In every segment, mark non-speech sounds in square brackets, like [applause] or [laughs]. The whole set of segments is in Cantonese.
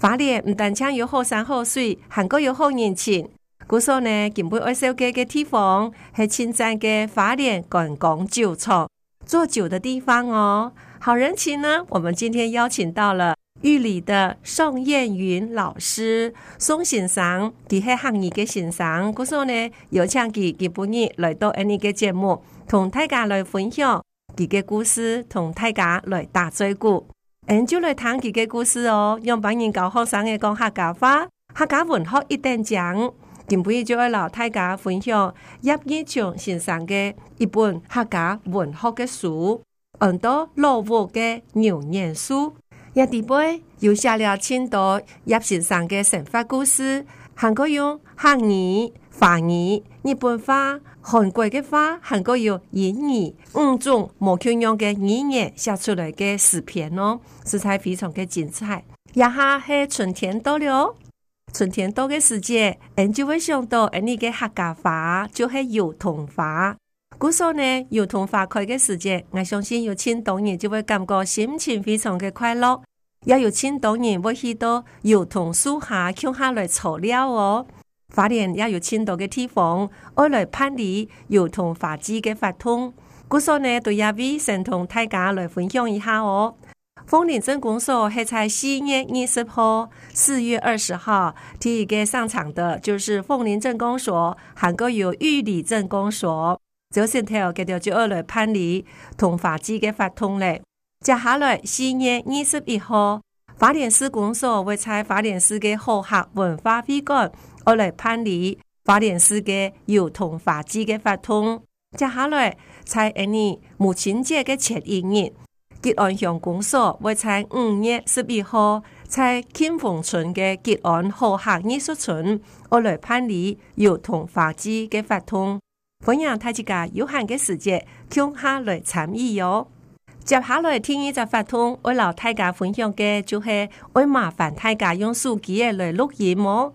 花蓮唔但享有好山好水，行過有好人情。據說呢，建貝愛燒雞嘅地方係深圳嘅花蓮觀光酒廠，做酒的地方哦。好人情呢、啊，我們今天邀請到了玉里嘅宋燕雲老師宋先生，啲係行業嘅先生。故說呢，有請佢吉半夜嚟到呢個節目，同大家來分享佢嘅故事，同大家來打嘴鼓。研究來探究個故事哦。讓別人教學生嘅講客家話，客家文化一定講。前不久，老太家分享葉日松先生嘅一本客家文化嘅書，很多老沃嘅牛念書，一地杯又寫了很多葉先生嘅神話故事，還可以用漢語。法語、日本話、韓國嘅話，韓國有英語，五種無共樣嘅語言寫出來嘅詩篇哦，色彩非常嘅精彩。一下係春天到了，春天到嘅時節，就會想到而你的客家話，就係油桐花。古說呢，油桐花開嘅時節，我相信有千多人就會感覺心情非常嘅快樂。也有千多人會去到油桐樹下，跳下來坐了哦。法院也有簽到的地方，二來辦理要同法資的法通，古所呢對阿位神同大家來分享一下哦。鳳林鎮公所是在四月二十號，四月二十號第一個上場的，就是鳳林鎮公所，行過有玉里鎮公所，首先聽佢哋就要來辦理同法資的法通呢。接下來四月二十一號，法典事公所會喺法典事的和諧文化會館。我來判離法院司嘅有同法治嘅法通，接下來在呢母親節嘅前一日吉安鄉公所，或在五月十二號在金鳳村嘅吉安好客藝術村，我來判理有同法治嘅法通。歡迎大家有閒嘅時節，接下來參與喲。接下來聽已就法通，我留大家分享嘅就係我麻煩大家用手機來錄音哦。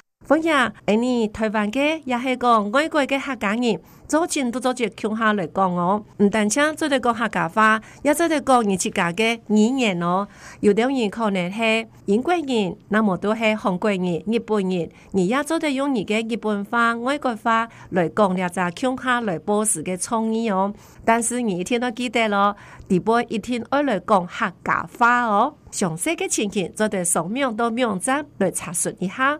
好呀，喺你台灣給也黑個外國嘅客家語，早前都逐漸強化來講哦，唔但只做對個客家話，也做對個你自家嘅語言哦。有啲人可能係英國人，那麼多係韓國人、日本人，你也做得用你嘅日本話、外國話來講，又就強化來保持的創意哦。但是二天都記得咯，第二一天我來講客家話哦。詳細的情形，做對上面都用針來查詢一下。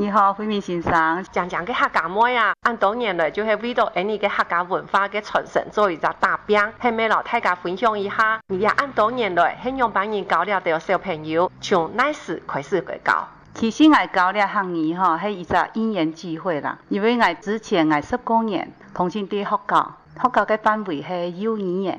你好，惠民先生。講講給客家妹啊，按多年來就喺為到印尼嘅客家文化嘅傳承做一個打拼，係咪老大家分享一下？也按多年來，很多朋友搞了的小朋友從奶食開始去搞，其實我搞了兩年吼，係一個語言聚會啦。因為我之前我十多年同先在學校，學校嘅範圍係幼兒園。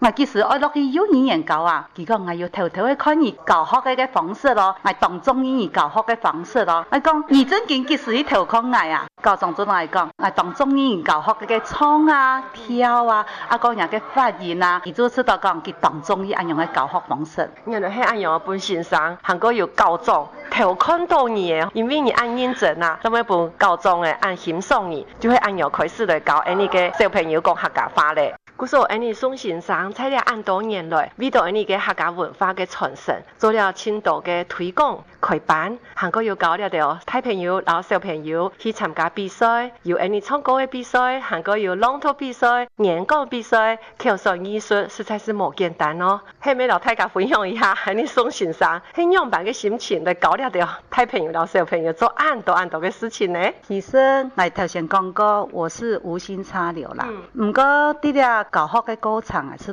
我其實愛落去幼兒園教啊，佢講我要偷偷去看伊教學嘅個方式咯，我當中意伊教學嘅方式咯。我講，李正金其實伊偷看我啊，教長主任講，我當中意伊教學嘅個唱啊、跳啊，阿個人家嘅發言啊，佢就出道講，佢當中意按樣嘅教學方式。原來係按樣嘅本先生，韓國有教長，偷看多年，因為伊按認真啊，做咩本教長嘅按輕鬆呢？就係按樣開始來教，按你嘅小朋友講客家話咧。古說按你宋先生。在俺多年來，為了你嘅客家文化嘅傳承，做了青島嘅推廣、開班，還個又搞了的哦，小朋老小朋友去參加比賽，有按你唱歌嘅比賽，還個有朗讀比賽、演講比賽、口才藝術，實在是冇簡單咯。下面老太家分享一下，喊你送信上，很陽光嘅心情來搞了的哦，小朋老小朋友做恁多恁多嘅事情呢。其實，來頭前講過，我是無心插柳啦。嗯。唔過，啲咧教學嘅過程也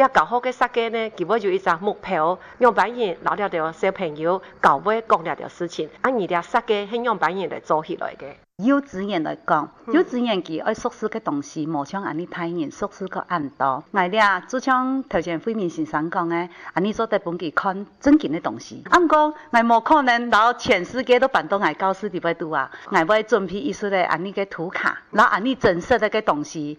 要搞好個設計呢，基本就一隻目標，用別人老了條小朋友搞買講了條事情。按你倆設計很用別人來做起來的。幼稚園來講，幼稚園佮愛熟悉的東西，冇像俺哋台灣人熟悉暗很多。俺倆就像頭前惠民先生講嘅，俺哋做在本地看真經的東西。俺講，俺冇可能到全世界都搬到俺教室裏邊住啊！俺會準備一些嘞，俺那個圖卡，然後俺你真實那個東西。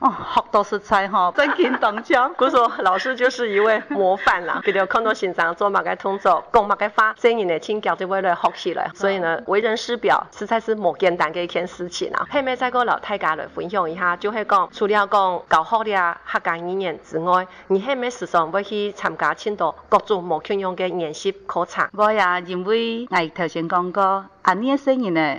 哦，好多食材哈，真簡單。我 [laughs] 說老師就是一位模範啦。佮 [laughs] 條看到身上做麼個動作，講麼個話，聲音呢清，教在位來學習嘞、嗯。所以呢，為人師表實在是莫簡單嘅一件事情啊。下面再個老太家來分享一下，就係講除了講教好啲啊客家語言之外，你下面時常要去參加許多各種莫各樣嘅演習考察。我也認為，我頭先講過，啊呢聲音呢？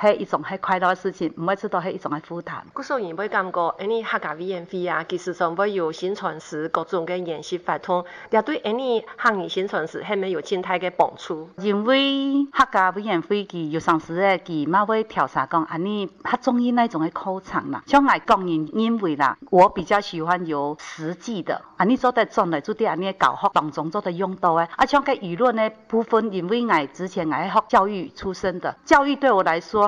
係一種係快樂的事情，唔會知道係一種係負擔。所以人會感覺，誒，你客家委員會啊，其實上會有宣傳時各種嘅演習法通，也對，誒，你漢語宣傳時係沒有靜態嘅播出。因為客家委員會佢有上時咧，佢媽會調查講，啊，你較中意那種嘅課程啦。像我講，因因為啦，我比較喜歡有實際的，啊，你做在做咧，就對啊，你教學當中做得用到的擁堵啊，而且個輿論咧，部分因為我之前係學教育出身的，教育對我來說。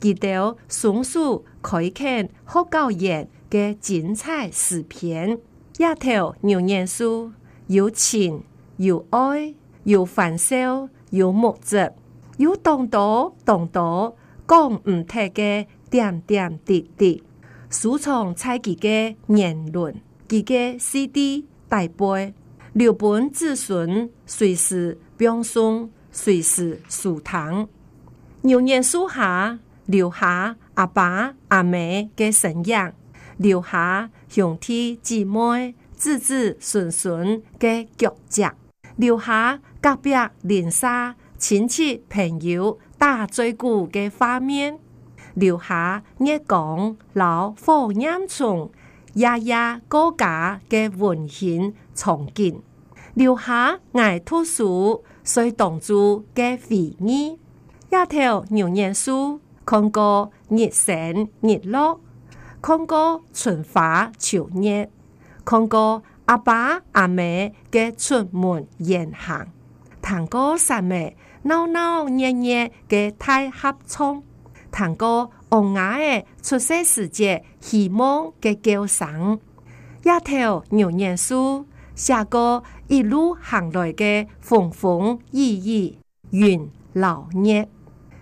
記得松樹開墾好高艷嘅精彩視頻，一條牛年書，有情、有愛有歡笑有目制有動刀動刀，講唔停嘅點點滴滴，收藏採集嘅年輪，幾個 C D 帶背，留本子孫隨時播送，隨時舒堂。《牛年書下。留下阿爸阿媽嘅身影，留下兄弟姊妹子子孫孫嘅腳迹，留下隔壁鄰舍親戚朋友打嘴鼓嘅畫面，留下一講老方言從夜夜高歌嘅溫馨場景，留下愛圖書碎凍柱嘅回憶，一條牛年書。看過日升日落，看過春花秋月，看過阿爸阿媽嘅出門遠行，看過三妹嬲嬲熱熱嘅太合唱，看過王牙嘅出世時節希望嘅叫聲，丫頭念念書，寫過一路行來嘅風風雨雨願老年。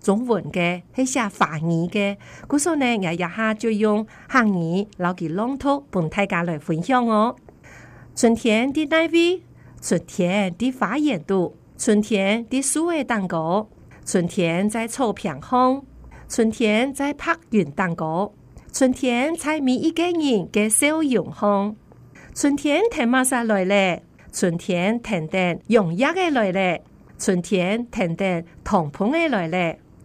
中文嘅，一寫法語嘅，故此呢，我一下就用客語留起朗讀，伴大家來分享哦。春天的奈位，春天的花園度，春天的樹葉蛋糕，春天在草坪紅，春天在拍雲蛋糕，春天在每一個人嘅笑容紅，春天太馬上嚟咧，春天等等用藥嘅嚟咧，春天等等糖盤嘅嚟咧。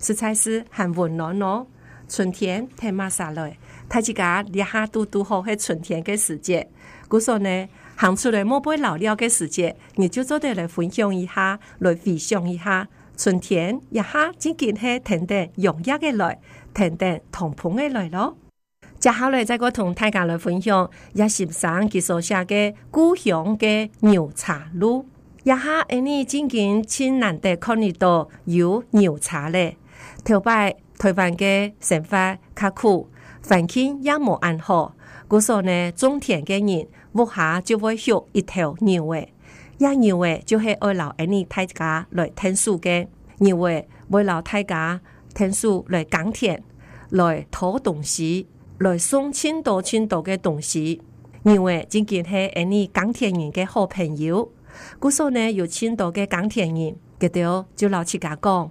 實在是很溫暖咯！春天太瑪莎了，太吉家一下都都好，是春天嘅時節。故說呢，行出來莫不老了嘅時節，你就坐地來分享一下，來回想一下春天一下，只見係甜的，用壓嘅來，甜的糖朋嘅來咯。接下來再個同大家來分享，一十三結束下嘅故鄉牛茶路，一下誒，因為你最近千難得看得到有牛茶嘞。頭擺台灣嘅生活，較苦，環境也無安好。故說呢，種田嘅人目下就會養一頭牛嘅，野牛嘅就係愛留呢大家來聽書嘅，牛嘅會留大家聽書來耕田，來討東西，來送青島青島嘅東西，牛嘅只見係呢耕田人嘅好朋友，故說呢，有青島嘅耕田人，佢哋就老去加講。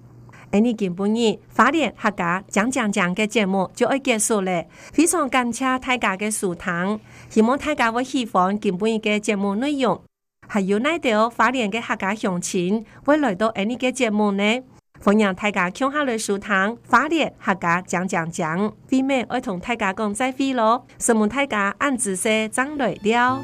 今呢件本日花蓮客家講講講的節目就會結束了，非常感謝大家嘅收聽，希望大家會喜歡今本日嘅節目內容，還有呢條花蓮嘅客家詳情會嚟到呢、哎、的節目呢，歡迎大家聽下嚟收聽花蓮客家講講講，我同大家講再飛咯，希望大家按指示了。